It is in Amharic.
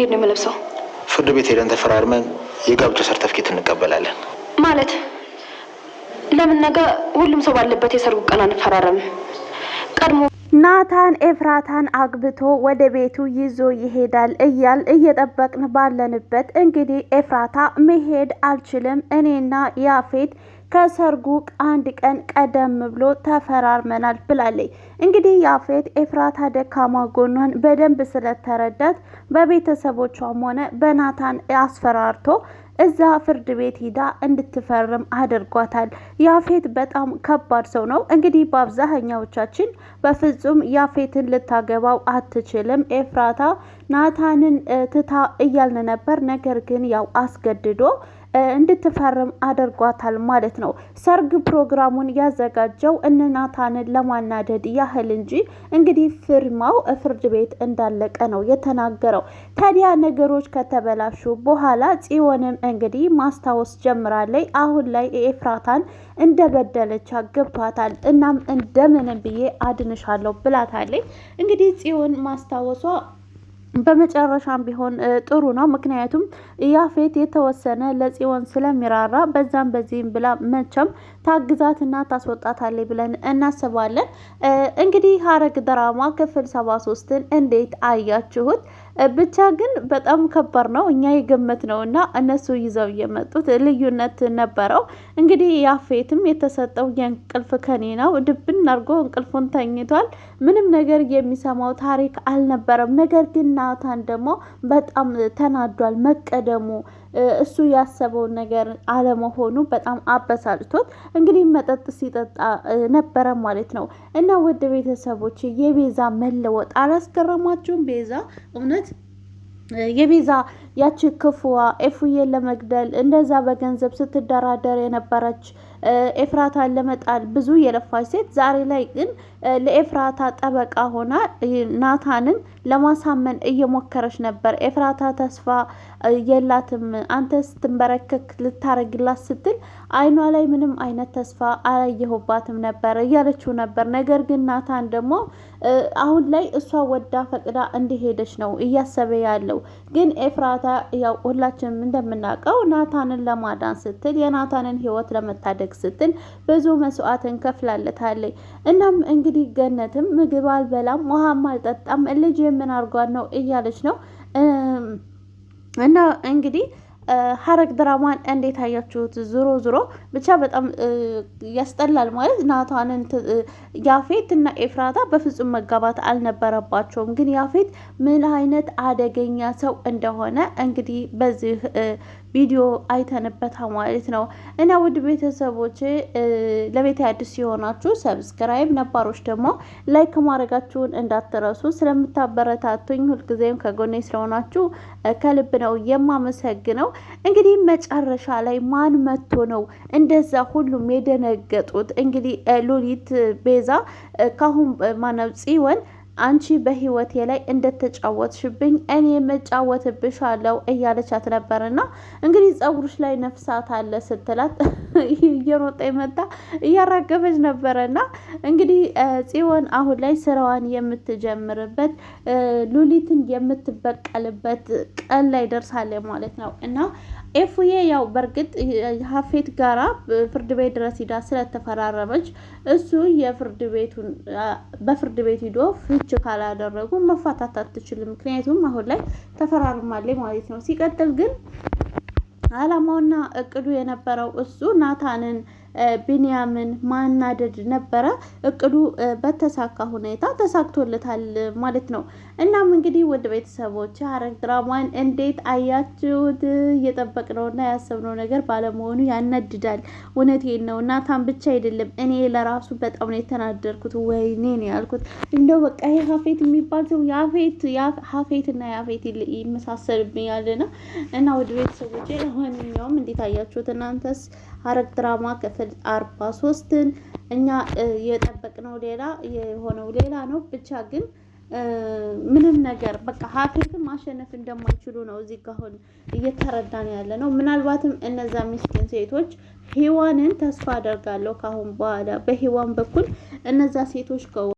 ሄድ ነው የምለብሰው። ፍርድ ቤት ሄደን ተፈራርመን የጋብቻ ሰርተፍኬት እንቀበላለን። ማለት ለምን ነገ ሁሉም ሰው ባለበት የሰርጉ ቀን እንፈራረም። ቀድሞ ናታን ኤፍራታን አግብቶ ወደ ቤቱ ይዞ ይሄዳል እያል እየጠበቅን ባለንበት እንግዲህ ኤፍራታ መሄድ አልችልም፣ እኔና ያፌት ከሰርጉ አንድ ቀን ቀደም ብሎ ተፈራርመናል ብላለች። እንግዲህ ያፌት ኤፍራታ ደካማ ጎኗን በደንብ ስለተረዳት በቤተሰቦቿም ሆነ በናታን አስፈራርቶ እዛ ፍርድ ቤት ሂዳ እንድትፈርም አድርጓታል። ያፌት በጣም ከባድ ሰው ነው። እንግዲህ በአብዛኛዎቻችን በፍጹም ያፌትን ልታገባው አትችልም ኤፍራታ ናታንን ትታ እያልን ነበር። ነገር ግን ያው አስገድዶ እንድትፈርም አድርጓታል ማለት ነው። ሰርግ ፕሮግራሙን ያዘጋጀው እነናታንን ለማናደድ ያህል እንጂ እንግዲህ ፊርማው ፍርድ ቤት እንዳለቀ ነው የተናገረው። ታዲያ ነገሮች ከተበላሹ በኋላ ጽዮንም እንግዲህ ማስታወስ ጀምራለች። አሁን ላይ ኤፍራታን እንደበደለች አግብቷታል። እናም እንደምንም ብዬ አድንሻለሁ ብላታለች። እንግዲህ ጽዮን ማስታወሷ በመጨረሻም ቢሆን ጥሩ ነው። ምክንያቱም ያፌት የተወሰነ ለጽዮን ስለሚራራ በዛም በዚህም ብላ መቼም ታግዛትና ታስወጣታለች ብለን እናስባለን። እንግዲህ ሐረግ ድራማ ክፍል ሰባ ሶስትን እንዴት አያችሁት? ብቻ ግን በጣም ከባድ ነው። እኛ የገመት ነው እና እነሱ ይዘው የመጡት ልዩነት ነበረው። እንግዲህ ያፌትም የተሰጠው የእንቅልፍ ከኔ ነው። ድብን አድርጎ እንቅልፉን ተኝቷል። ምንም ነገር የሚሰማው ታሪክ አልነበረም። ነገር ግን ናታን ደግሞ በጣም ተናዷል። መቀደሙ እሱ ያሰበውን ነገር አለመሆኑ በጣም አበሳጭቶት እንግዲህ መጠጥ ሲጠጣ ነበረ ማለት ነው። እና ወደ ቤተሰቦች የቤዛ መለወጥ አላስገረማችሁም? ቤዛ እውነት የቤዛ ያቺ ክፉዋ ኤፉዬን ለመግደል እንደዛ በገንዘብ ስትደራደር የነበረች ኤፍራታን ለመጣል ብዙ የለፋች ሴት ዛሬ ላይ ግን ለኤፍራታ ጠበቃ ሆና ናታንን ለማሳመን እየሞከረች ነበር። ኤፍራታ ተስፋ የላትም። አንተ ስትንበረከክ ልታረግላት ስትል አይኗ ላይ ምንም አይነት ተስፋ አላየሁባትም ነበር እያለችው ነበር። ነገር ግን ናታን ደግሞ አሁን ላይ እሷ ወዳ ፈቅዳ እንደሄደች ነው እያሰበ ያለው ግን ኤፍራ ኤፍራታ ያው ሁላችንም እንደምናውቀው ናታንን ለማዳን ስትል የናታንን ህይወት ለመታደግ ስትል ብዙ መስዋዕትን ከፍላለታለች። እናም እንግዲህ ገነትም ምግብ አልበላም፣ ውሃም አልጠጣም፣ ልጅ የምን አርጓን ነው እያለች ነው እና እንግዲህ ሀረግ ድራማን እንዴት አያችሁት? ዞሮ ዞሮ ብቻ በጣም ያስጠላል። ማለት ናታንን ያፌት እና ኤፍራታ በፍጹም መጋባት አልነበረባቸውም። ግን ያፌት ምን አይነት አደገኛ ሰው እንደሆነ እንግዲህ በዚህ ቪዲዮ አይተንበታል ማለት ነው። እና ውድ ቤተሰቦች ለቤት አዲስ የሆናችሁ ሰብስክራይብ፣ ነባሮች ደግሞ ላይክ ማድረጋችሁን እንዳትረሱ። ስለምታበረታቱኝ ሁልጊዜም ከጎኔ ስለሆናችሁ ከልብ ነው የማመሰግነው። እንግዲህ መጨረሻ ላይ ማን መቶ ነው እንደዛ ሁሉም የደነገጡት? እንግዲህ ሉሊት ቤዛ ካሁን ማነው ጽዮን አንቺ በህይወቴ ላይ እንደተጫወትሽብኝ እኔ መጫወትብሽ አለው እያለቻት ነበርና እንግዲህ ጸጉርሽ ላይ ነፍሳት አለ ስትላት እየሮጠ የመጣ እያራገበች ነበረና እንግዲህ ጽዮን አሁን ላይ ስራዋን የምትጀምርበት ሉሊትን የምትበቀልበት ቀን ላይ ደርሳለ ማለት ነው እና ኤፉዬ ያው በእርግጥ ሀፌት ጋራ ፍርድ ቤት ድረስ ሂዳ ስለተፈራረመች እሱ የፍርድ ቤቱን በፍርድ ቤት ሂዶ ፍች ካላደረጉ መፋታት አትችልም። ምክንያቱም አሁን ላይ ተፈራርማለች ማለት ነው። ሲቀጥል ግን አላማውና እቅዱ የነበረው እሱ ናታንን ቢንያምን ማናደድ ነበረ እቅዱ። በተሳካ ሁኔታ ተሳክቶለታል ማለት ነው። እናም እንግዲህ ውድ ቤተሰቦች ሐረግ ድራማን እንዴት አያችሁት? እየጠበቅነውና ያሰብነው ነገር ባለመሆኑ ያነድዳል። እውነቴን ነው። ናታን ብቻ አይደለም እኔ ለራሱ በጣም ነው የተናደርኩት። ወይኔ ነው ያልኩት። እንደው በቃ ይሄ ሀፌት የሚባል ሰው ያፌት ሀፌትና ያፌት ይመሳሰልብኛልና እና ውድ ቤተሰቦች ለማንኛውም እንዴት አያችሁት እናንተስ? ሐረግ ድራማ ክፍል አርባ ሶስትን እኛ የጠበቅነው ሌላ የሆነው ሌላ ነው። ብቻ ግን ምንም ነገር በቃ ሀፊዝም ማሸነፍ እንደማይችሉ ነው እዚህ ጋ አሁን እየተረዳን ያለ ነው። ምናልባትም እነዛ ምስኪን ሴቶች ሔዋንን ተስፋ አደርጋለሁ ካሁን በኋላ በሔዋን በኩል እነዛ ሴቶች ከ